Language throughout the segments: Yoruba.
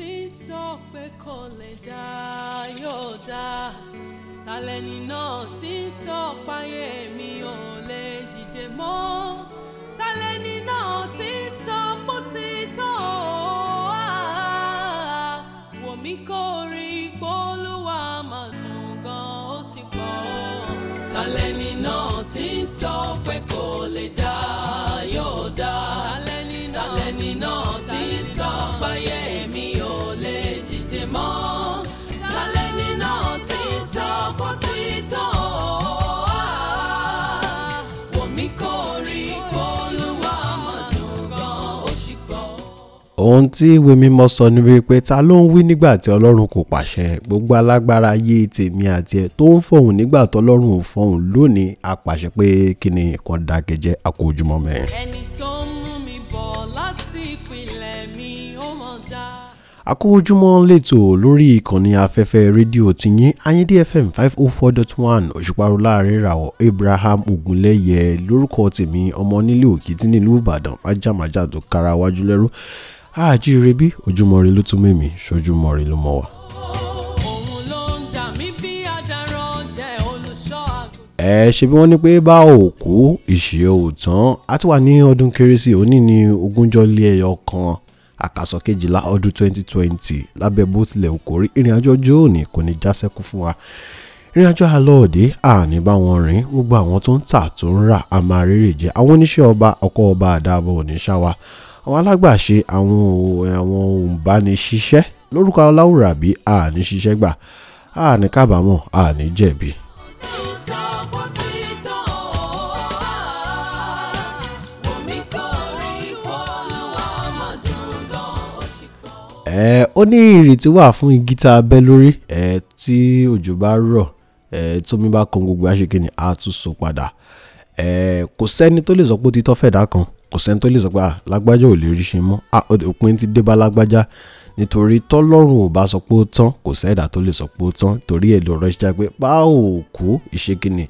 tí ń sọ pé kò lè dá yóò dá talẹ́ni náà tí ń sọ páyé mi ò lè dìde mọ́ talẹ́ni náà tí ń sọ pé ti tọ́ wò mí kó rí polúwa mà dùn gan ó sì pọ̀ talẹ́ni. ohun tí ìwé mímọ́ sọ ni wípé ta ló ń wí nígbà tí ọlọ́run kò pàṣẹ gbogbo alágbára ayé tèmi àti ẹ̀ tó ń fọ̀hún nígbà tọ́lọ́run ò fọ̀hún lónìí a pàṣẹ pé kí ni nǹkan dákẹ́jẹ́ a kò ojúmọ́ mẹ́. ẹni tó ń mú mi bọ̀ láti ìpìlẹ̀ mi ó mọ̀ dá. a kú ojúmọ́ lẹ́tọ̀ lórí ìkànnì afẹ́fẹ́ rédíò ti yín ayíǹde fm five oh four dot one òṣùpárò láàrin ìràwọ̀ abraham ògúnlẹ̀yẹ lórúkọ tèmi ọmọ nílé òkìtì nílùú ìbàdàn májàmájà tó kára wájú lẹ́rú àjíire bí ojúmọ́ ire ló tún mẹ́mí ṣojúmọ́ ire ló mọ́ wa. ẹ ṣe bí wọ́n ní pé bá òkú ìṣe ò tán a ti wà ní ọdún kérésì òní ní ogúnjọ́ lé ẹyọ kan àkàsọ kejìlá ọdún 2020 lábẹ́ bó tilẹ̀ òkórí ìrìnàjò ọjọ́ òní kò ní já sẹ́kù fún wa ìrìnàjò àlọ́ọ̀dẹ́ àní bá wọn rìn gbogbo àwọn tó ń tà tó ń rà a máa àwọn oníṣẹ́ ọba ọkọ̀ ọba àdáàbọ̀ òní àwọn alágbàṣe àwọn àwọn òǹbániṣiṣẹ́ lórúkọ Aláwùrábí àní ṣiṣẹ́ gbà àní kábàámọ̀ àní jẹ̀bi. ẹ ó ní ìrètí wà fún igi tá a bẹ́ lórí ẹ tí òjò bá rọ̀ ẹ tómi bá kan gbogbo àṣekínni a tún so padà ẹ kò sẹ́ni tó lè sọ pé ó ti tọ́ fẹ̀dá kan kò sẹ́ni tó lè sọ pé ah lágbájá ò lè rí ṣe mọ́ ah òpin ti dé bá lágbájá nítorí tọ́lọ́run ò bá sọ pé ó tán kò sẹ́dà tó lè sọ pé ó tán torí ẹ̀ lọ́rọ̀ ṣe já pé báwo kú ìṣe kíni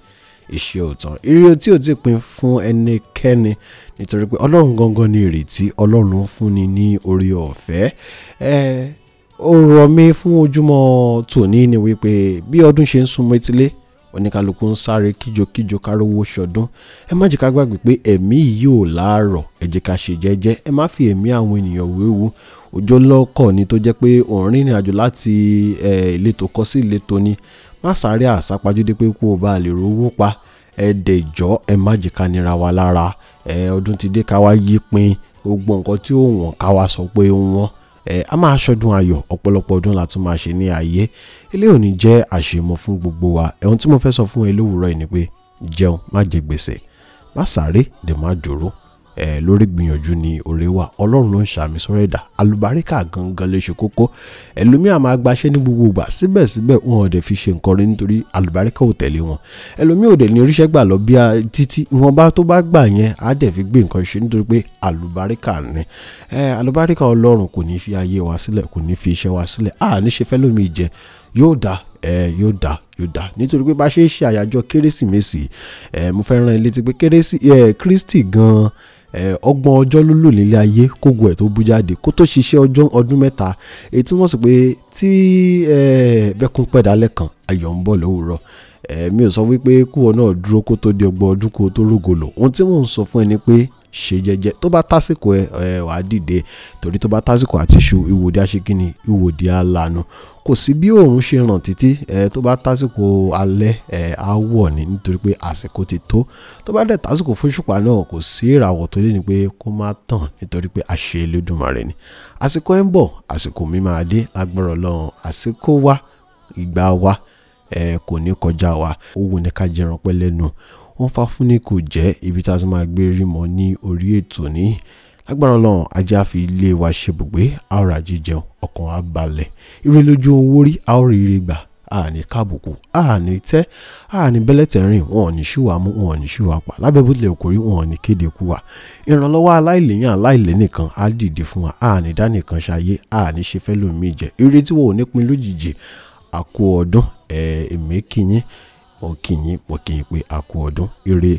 ìṣe òtàn ire tí ò ti pin fún ẹnikẹ́ni nítorí pé ọlọ́run gangan ni ìrètí ọlọ́run fúnni ní orí ọ̀fẹ́ ó rọ mí fún ojúmọ́ tòní ni wípé bí ọdún ṣe ń sun mọ́ oníkálukú ń sáré kíjokíjo kárówó ṣọdún ẹ má jẹ́ ká gbàgbé pé ẹ̀mí yìí yóò láàárọ̀ ẹ jẹ́ ká ṣe jẹ́jẹ́ ẹ má fi ẹ̀mí àwọn ènìyàn wéwu ọjọ́ lọ́kọ̀ ni tó jẹ́ pé òun rìnrìn àjò láti ìletò kan sí ìletò ni má sáré àsápajúdé pé kó o bá lè rówó pa ẹ dẹ̀jọ́ ẹ má jẹ́ ká nira wa lára ẹ ọdún ti dé ká wá yí pin gbogbo nǹkan tí ó wọ̀n ká wá sọ pé wọ́n ẹ a máa ṣọdún ayọ̀ ọ̀pọ̀lọpọ̀ ọdún la tún máa ṣe ní ayé ilé òní jẹ́ àṣemọ fún gbogbo wa ẹ̀hún tí mo fẹ́ sọ fún ẹ lówùúrọ̀ yìí ni pé jẹun má jẹ gbèsè má sáré dè má dúró ẹ̀ lórí gbìyànjú ni òré wà ọlọ́run ló ń ṣàmì sọ́rọ̀ ẹ̀dá alùbáríkà gangan lè ṣe kókó ẹlòmíà máa gbaṣẹ́ ní gbogbo ìgbà síbẹ̀síbẹ̀ wọn ò dẹ̀ fi ṣe nǹkan rí nítorí alùbáríkà ò tẹ̀lé wọn ẹlòmíà ò dẹ̀ ní oríṣẹ́ gbà lọ bí títí ìwọ̀nba tó bá gbà yẹn á dẹ̀ fi gbé nǹkan ṣe nítorí pé alùbáríkà ni alùbáríkà ọlọ́run kò ní fi ayé wa sílẹ̀ kò ní fi iṣẹ́ wa sílẹ̀ à ní ṣe fẹ́ lómi nítorí pé bá ṣe ń ṣe àyájọ́ kérésìmesì mo fẹ́ rán ẹ létí pé kérésì kristi gan-an ọgbọ̀n ọjọ́ ló lò nílé ayé kógo ẹ̀ tó bú jáde kó tó ṣiṣẹ́ ọjọ́ ọdún mẹ́ta èyí tí wọ́n sọ pé tí bẹ́kún pẹ̀dá lẹ́kàn ayọ̀ ń bọ̀ lówùúrọ̀ mi ò sọ wípé kúwọ náà dúró kó tó di ọgbọ̀n ọdún kó tó rògòlò ohun tí mò sọ fún ẹ ni pé ṣe jẹ́jẹ́ tó bá tásìkò ẹ wà á dìde torí tó bá tásìkò àti ṣu ìwòde aṣekínni ìwòde alànà kò sí bí òòrùn ṣe ràn títí ẹ tó bá tásìkò alẹ́ ẹ á wọ̀ ni nítorí pé àsìkò ti tó tó bá dẹ̀ tásìkò fúnṣùpá náà kò sí ìràwọ̀ tó lé ní pé kó má tàn nítorí pé àṣẹ Elédùmarè ni àsìkò ẹ ń bọ̀ àsìkò mi máa dé lágbára Ọlọ́run àsìkò wa ìgbà wa ẹ kò ní kọjá wa ó wù ní ká jẹran wọ́n fáfúnni kò jẹ́ ibi tá a ti máa gbé rímọ ní orí ètò ní lágbára ọlọ́run ajé àfi ilé wa ṣe bùgbé a ó ra jíjẹun ọkàn á balẹ̀ ire lójú owó rí a ó rí ire gbà àní kábùkù àní tẹ́ àní bẹ́lẹ́tẹ̀rìn wọn ò ní ṣùwà mú wọn ò ní ṣùwà pa lábẹ́ bó tilẹ̀ kò rí wọn ò ní kéde kú wa ìrànlọ́wọ́ aláìlèyàn aláìlẹ́ nìkan á dìde fún wa àní dánìkan ṣayé àní ṣe fẹ́ lómi jẹ ire tí ò ní pin lójijì àkó ọdún ẹ̀ẹ́mẹ́kìyín mo kí yín mo kí yín pé a kú ọdún ire.